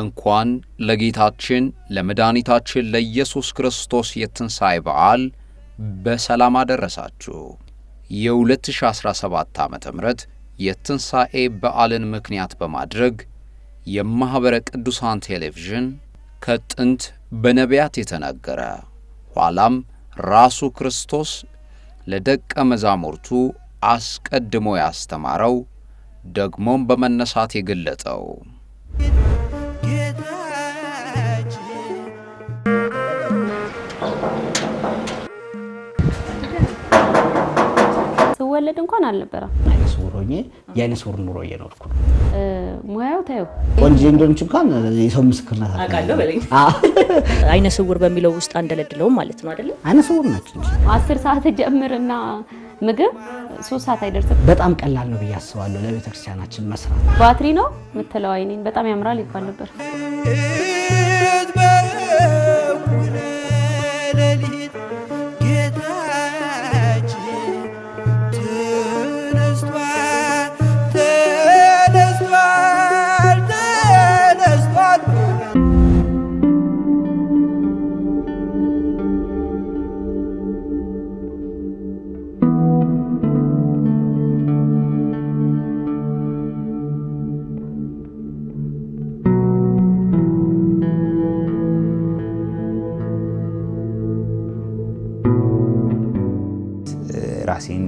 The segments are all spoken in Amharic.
እንኳን ለጌታችን ለመድኃኒታችን ለኢየሱስ ክርስቶስ የትንሣኤ በዓል በሰላም አደረሳችሁ። የ2017 ዓ ም የትንሣኤ በዓልን ምክንያት በማድረግ የማኅበረ ቅዱሳን ቴሌቪዥን ከጥንት በነቢያት የተነገረ ኋላም ራሱ ክርስቶስ ለደቀ መዛሙርቱ አስቀድሞ ያስተማረው ደግሞም በመነሳት የገለጠው መወለድ እንኳን አልነበረም። አይነ ስውር ሆኜ የአይነ ስውር ኑሮ እየኖርኩ ነው። ሙያው ታየው ቆንጆ እንደሆነች እንኳን የሰው ምስክርነት አውቃለሁ በለኝ። አይነ ስውር በሚለው ውስጥ አንደለድለውም ማለት ነው አይደለም? አይነ ስውር ናቸው እንጂ አስር ሰዓት ጀምርና ምግብ ሶስት ሰዓት አይደርስም። በጣም ቀላል ነው ብዬ አስባለሁ ለቤተክርስቲያናችን መስራት። ባትሪ ነው የምትለው አይኔን በጣም ያምራል ይባል ነበር። ራሴን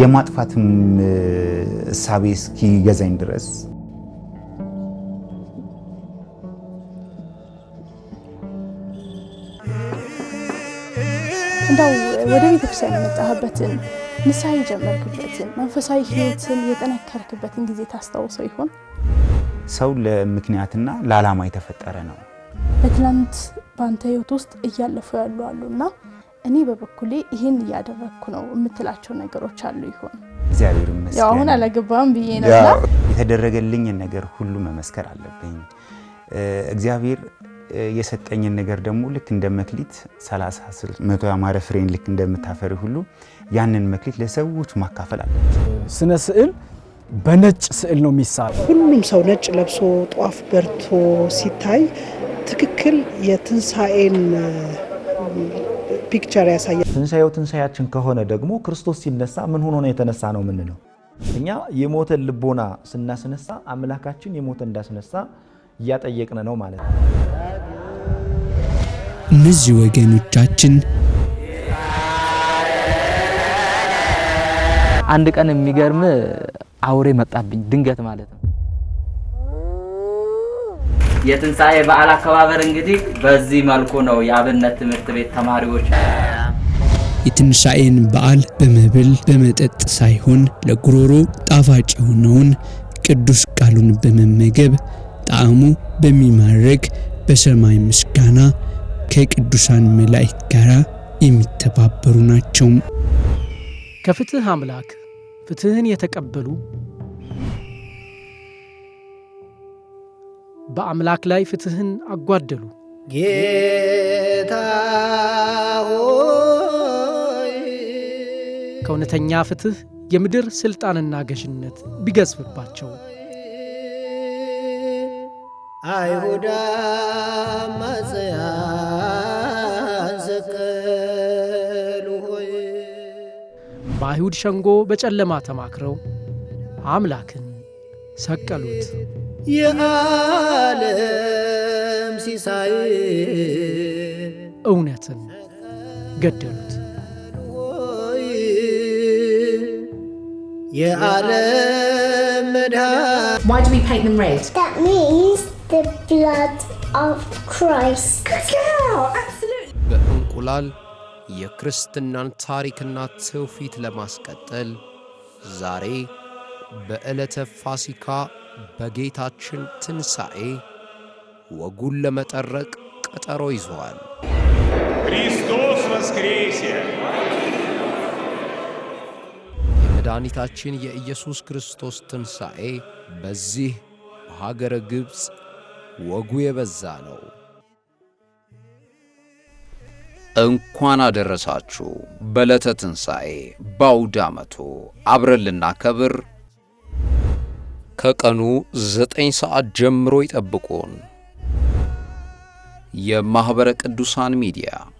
የማጥፋትም እሳቤ እስኪገዛኝ ድረስ እንዳው ወደ ቤተክርስቲያን የመጣህበትን ንስሐ የጀመርክበትን መንፈሳዊ ህይወትን የጠነከርክበትን ጊዜ ታስታውሰው ይሆን? ሰው ለምክንያትና ለዓላማ የተፈጠረ ነው። በትላንት በአንተ ህይወት ውስጥ እያለፉ ያሉ አሉ እና እኔ በበኩሌ ይህን እያደረግኩ ነው የምትላቸው ነገሮች አሉ ይሆን? እግዚአብሔር ይመስገን አሁን አላገባም ብዬ ነበር። የተደረገልኝን ነገር ሁሉ መመስከር አለብኝ። እግዚአብሔር የሰጠኝን ነገር ደግሞ ልክ እንደ መክሊት 30 መቶ ያማረ ፍሬን ልክ እንደምታፈሪ ሁሉ ያንን መክሊት ለሰዎች ማካፈል አለ። ስነ ስዕል በነጭ ስዕል ነው የሚሳለው። ሁሉም ሰው ነጭ ለብሶ ጧፍ በርቶ ሲታይ ትክክል የትንሣኤን ፒክቸር ያሳያል። ትንሣኤው ትንሣያችን ከሆነ ደግሞ ክርስቶስ ሲነሳ ምን ሆኖ ነው የተነሳ ነው የምንለው? እኛ የሞተን ልቦና ስናስነሳ አምላካችን የሞተ እንዳስነሳ እያጠየቅን ነው ማለት ነው። እነዚህ ወገኖቻችን አንድ ቀን የሚገርም አውሬ መጣብኝ ድንገት ማለት ነው የትንሣኤ በዓል አከባበር እንግዲህ በዚህ መልኩ ነው የአብነት ትምህርት ቤት ተማሪዎች የትንሣኤን በዓል በመብል በመጠጥ ሳይሆን ለጉሮሮ ጣፋጭ የሆነውን ቅዱስ ቃሉን በመመገብ ጣዕሙ በሚማረግ በሰማይ ምስጋና ከቅዱሳን መላእክት ጋር የሚተባበሩ ናቸው። ከፍትህ አምላክ ፍትህን የተቀበሉ በአምላክ ላይ ፍትህን አጓደሉ። ጌታ ሆይ ከእውነተኛ ፍትህ የምድር ሥልጣንና ገዥነት ቢገዝፍባቸው አይሁዳ ማጽያን ሆይ በአይሁድ ሸንጎ በጨለማ ተማክረው አምላክን ሰቀሉት። ሕፃናትን ገደሉት። በእንቁላል የክርስትናን ታሪክና ትውፊት ለማስቀጠል ዛሬ በዕለተ ፋሲካ በጌታችን ትንሣኤ ወጉን ለመጠረቅ ቀጠሮ ይዘዋል። ክርስቶስ ወስክሬሰ። የመድኃኒታችን የኢየሱስ ክርስቶስ ትንሣኤ በዚህ በሀገረ ግብፅ ወጉ የበዛ ነው። እንኳን አደረሳችሁ። በለተ ትንሣኤ በአውደ ዓመቱ አብረልና ከብር ከቀኑ ዘጠኝ ሰዓት ጀምሮ ይጠብቁን። የማኅበረ ቅዱሳን ሚዲያ